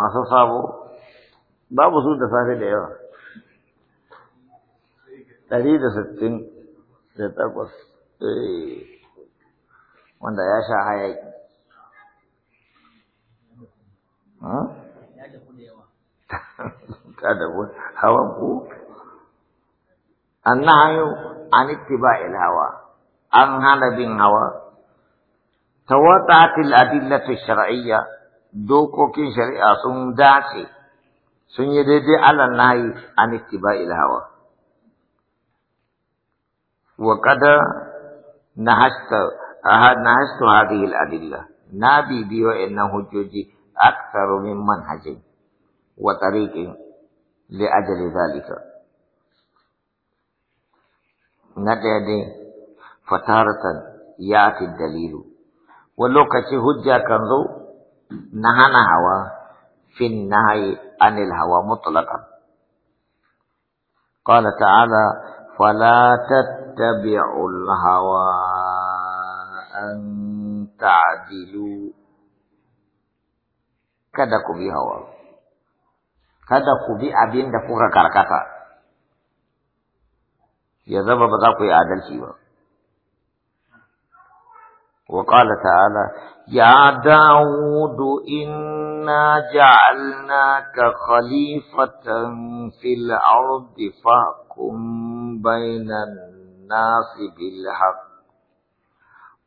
ماسو صابو بابو سو دفاعي ليه تريد ستين ستة بس من دايا شاهي ها كذا بقول هوا بقول أنا هيو اتباع الهوى أنا هذا بين هوا تواتعت الأدلة الشرعية dokokin shari'a sun dace sun yi daidai na yi an ittiba'il hawa wa kada na ahad nahastu hadhihi na bibiyo innan hujjoji aktsaru min manhajin wa tariqin li ajali zalika na daya dai fataratan yati dalilu wani lokaci hujja kan zo نهانا هوى في النهي عن الهوى مطلقا قال تعالى فلا تتبعوا الهوى أن تعدلوا kada ku bi hawa kada ku bi abin da kuka karkata ya zama ba za ku yi adalci ba وقال تعالى يا داود إنا جعلناك خليفة في الأرض فاحكم بين الناس بالحق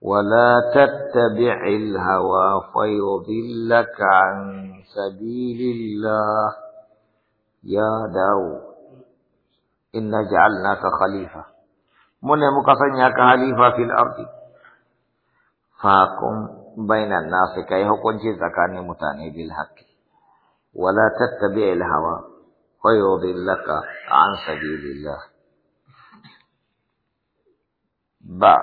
ولا تتبع الهوى فيضلك عن سبيل الله يا داود إنا جعلناك خليفة من مقصن يا خليفة في الأرض فاقم بين الناس كي هو كنجي زكاني متاني بالحق ولا تتبع الهوى لك عن سبيل الله با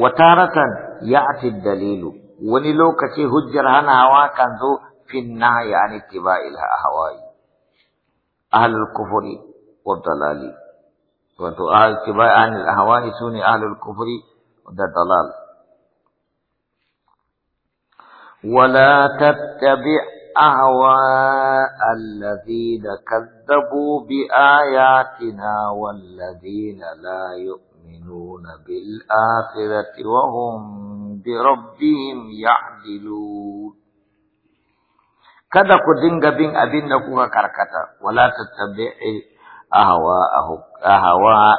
وتارة يأتي الدليل ونلوك في هجر هنا هوا كان ذو في النهي عن اتباع الهوى أهل الكفر والضلال وانتو أهل اتباع عن الهوى سوني أهل الكفر والضلال ولا تتبع أهواء الذين كذبوا بآياتنا والذين لا يؤمنون بالآخرة وهم بربهم يعدلون كذا ku dinga bin abin da kuka karkata ahawa ahwa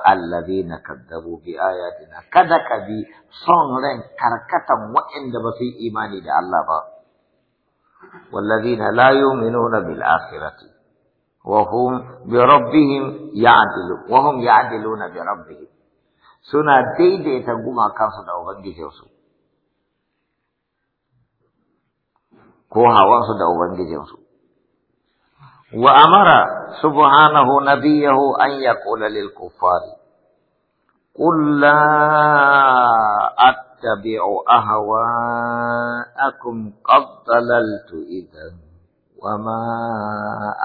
na kadzabu bi ayatina kada ka bi son ran karkatan waɗanda ba su yi imani da Allah ba layo mino na bil akhirati wa bi rabbihim ya'dilu ya adilu na bi rabbihim suna daidaita gumakansu da ubangijinsu ko hawansu da ubangijinsu وأمر سبحانه نبيه أن يقول للكفار قل لا أتبع أهواءكم قد ضللت إذا وما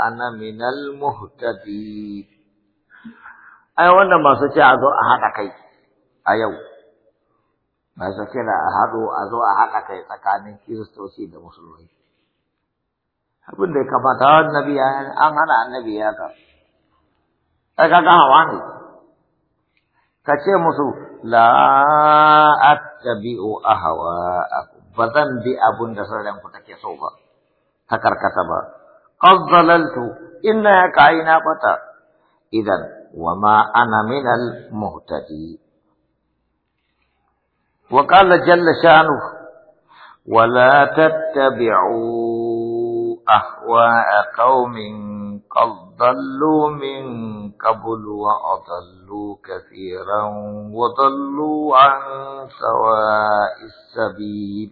أنا من المهتدين أي وانا ما سجعت أحدك أحد أيو ما سجعت أحد أذو أحد كي سكانين كيرستوسي مسلمين abin da ya kamata annabi ya an hana annabi ya ka ai kaga hawa ne ka ce musu la attabi'u ahwa ba zan bi abun da sauran ku take so ba ta karkata ba qad dalaltu inna ka'ina bata idan wama ana minal muhtadi wa qala jalla sha'nuhu ولا تتبعوا أهواء قوم قد ضلوا من قبل وأضلوا كثيرا وضلوا عن سواء السبيل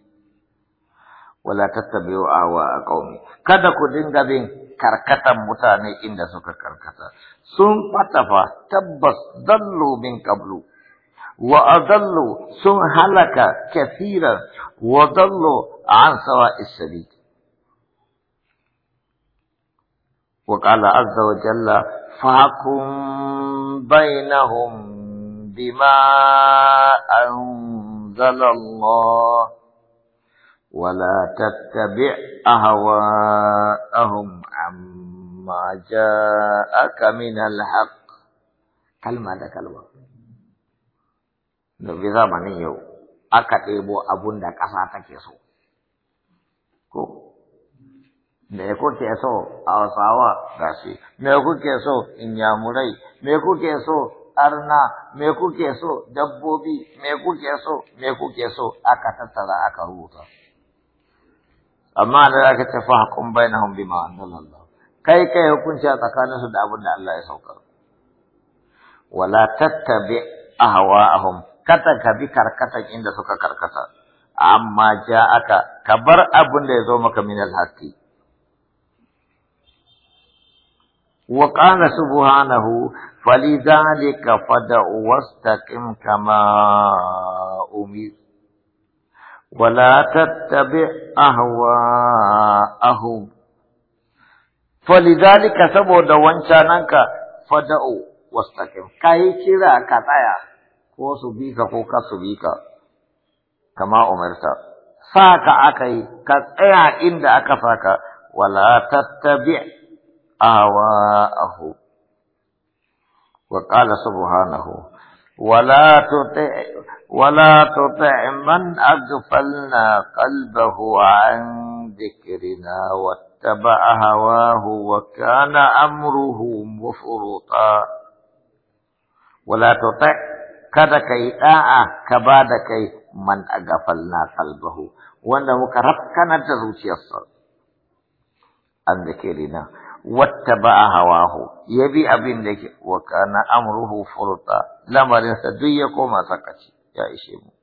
ولا تتبعوا أهواء قوم كذا كودين dinga كركتا متاني إن inda كركتا سن قطفا تبس ضلوا من قبل وأضلوا سن هلك كثيرا وضلوا عن سواء السبيل وقال عز وجل فحكم بينهم بما أنزل الله ولا تتبع أهواءهم عما جاءك من الحق كلمة ده كلمة نبي زمن يو أكتبوا أبونا كساتك يسوع ko me kuke so Hausawa shi, me kuke so yamurai, me kuke so arna me kuke so dabbobi me kuke so me kuke so aka tattara aka rubuta amma da aka ce fa hukum bainahum bima anzalallah kai kai hukunci a tsakanin su da abin da Allah ya sauka? wala tattabi ahwa'ahum kata ka bi karkatan inda suka karkata amma ja aka ka bar abin da ya zo maka min alhaqi وقال سبحانه فلذلك فدع واستقم كما أمر ولا تتبع أهواءهم فلذلك سبود وانشانك فدع واستقم كاي كرا كتايا ko su bi ka ko ka su bi ka kama umarta sa ka aka yi ka tsaya inda aka saka wala tattabi' آواءه وقال سبحانه ولا تطع ولا تطع من أغفلنا قلبه عن ذكرنا واتبع هواه وكان أمره مفرطا ولا تطع kada kai da'a ka ba da kai man agafalna kalbahu wanda muka rafkanar da zuciyarsa an da واتبع هواه يبي أبين لك وكان أمره فرطا لما لنسى دي يقوم سكتي يا إشيمو